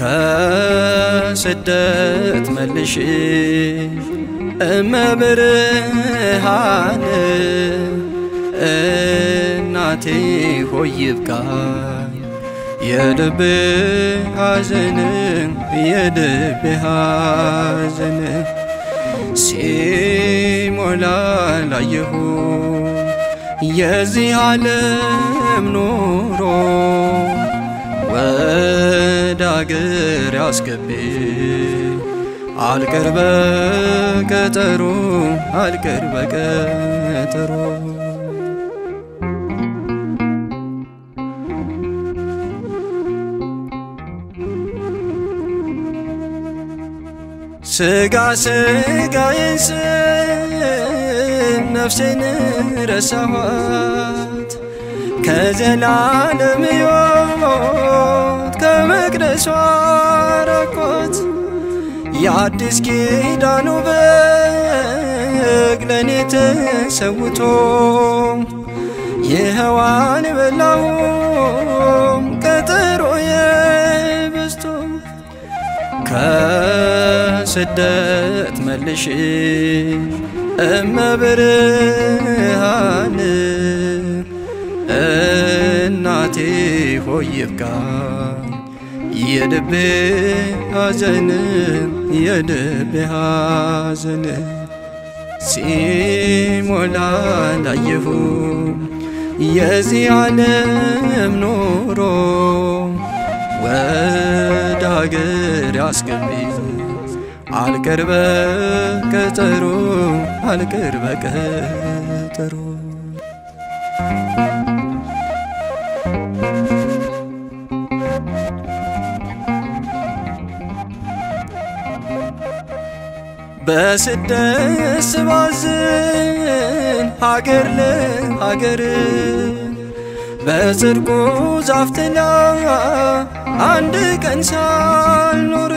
ከስደት መልሽ እመብርሃን እናቴ ሆይ ይብቃኝ የልቤ ሐዘን የልቤ ሐዘን ሲሞላ ላየሁ የዚህ ዓለም ኑሮ ሀገር ያስገቢ አልቀር በቀጠሮ አልቀር በቀጠሮ ስጋ ስጋዬን ስል ነፍሴን ረሳኋት ከዘላለም ሕይወት መቅደሷ አረኳት የአዲስ ኪዳኑ በግ ለእኔ ተሰውቶ የህዋን በላሁም ቀጠሮ የበስቶ ከስደት መልሽ እመብርሃን እናቴ ሆይ ይብቃ የልቤ ሐዘን የልቤ ሐዘን ሲሞላ ላየሁ የዚህ ዓለም ኖሮ ወደ አገር ያስገቢ አልቀርበ ቀጠሮ አልቀርበ ቀጠሮ በስደት ስባዝን ሀገር ለሀገር በጽድቁ ዛፍ ጥላ አንድ ቀን ሳልኖር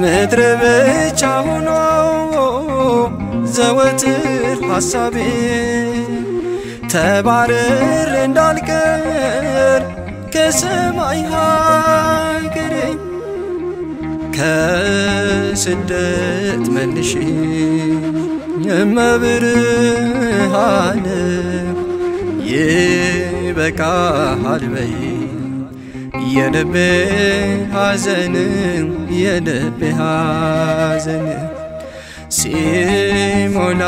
ምድር ብቻ ሆኖ ዘወትር ሐሳቤ ተባረር እንዳልቀር ከሰማይ ሀገር ከስደት መልሽ እመብርሃን ይበቃሃል በይ የልቤ ሐዘን የልቤ ሐዘን ሲሞላ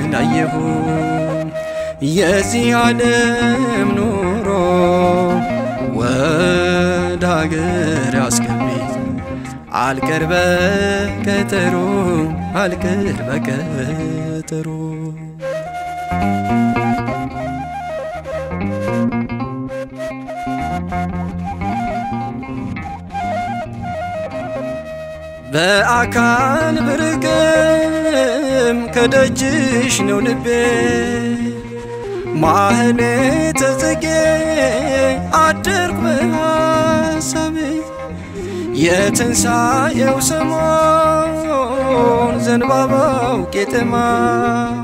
እንዳየሁ የዚህ ዓለም ኑሮ ወደ ሀገር ያስገባ አልቀርበ ቀጠሮ አልቀርበ ቀጠሮ በአካል ብርቅም ከደጅሽ ነው ልቤ ማህሌ ተጽጌ አደርኩ በሐሳቤ የትንሣኤው ሰሞን ዘንባባው ቄጠማው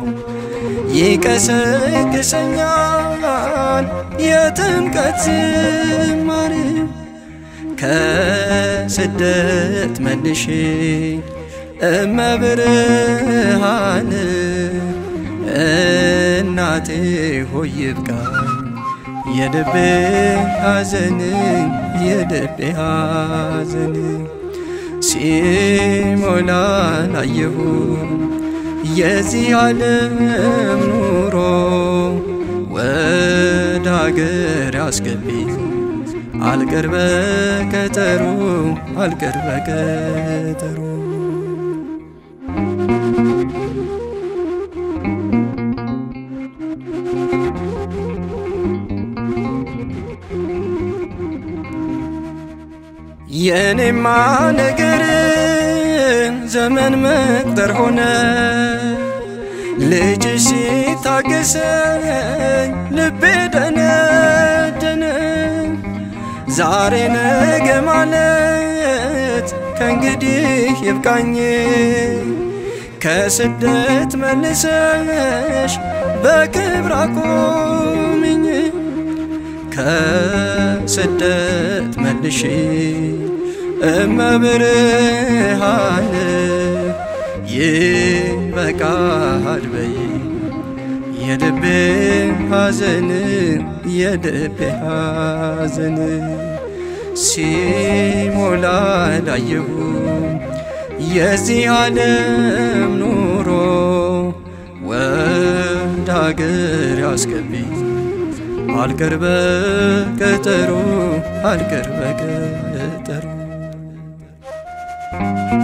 ይቀሰቅሰኛል የጥምቀት ዝማሬ ከስደት መልሽኝ እመብርሃን እናቴ ሆይ ይብቃኝ የልቤ ሐዘን የልቤ ሐዘን ሲሞላ ላየሁ የዚህ ዓለም ኑሮ ወደ አገር ያስገቢ አልቀርበ ቀጠሩ አልቀርበ ቀጠሩ የእኔማ ነገር ዘመን መቁጠር ሆነ። ልጅ ታገሰኝ ልቤ ደነደነ። ዛሬ ነገ ማለት ከእንግዲህ ይብቃኝ። ከስደት መልሰሽ በክብር አቁምኝ ከስደት መልሽኝ እመብርሃን ይበቃሃል በይ የልቤ ሐዘን የልቤ ሐዘን ሲሞላ ላየሁ የዚህ ዓለም ኑሮ ወደ አገር ያስገቢኝ አልቀርበ ቀጠሮ አልቀርበ ቀጠሮ Thank you.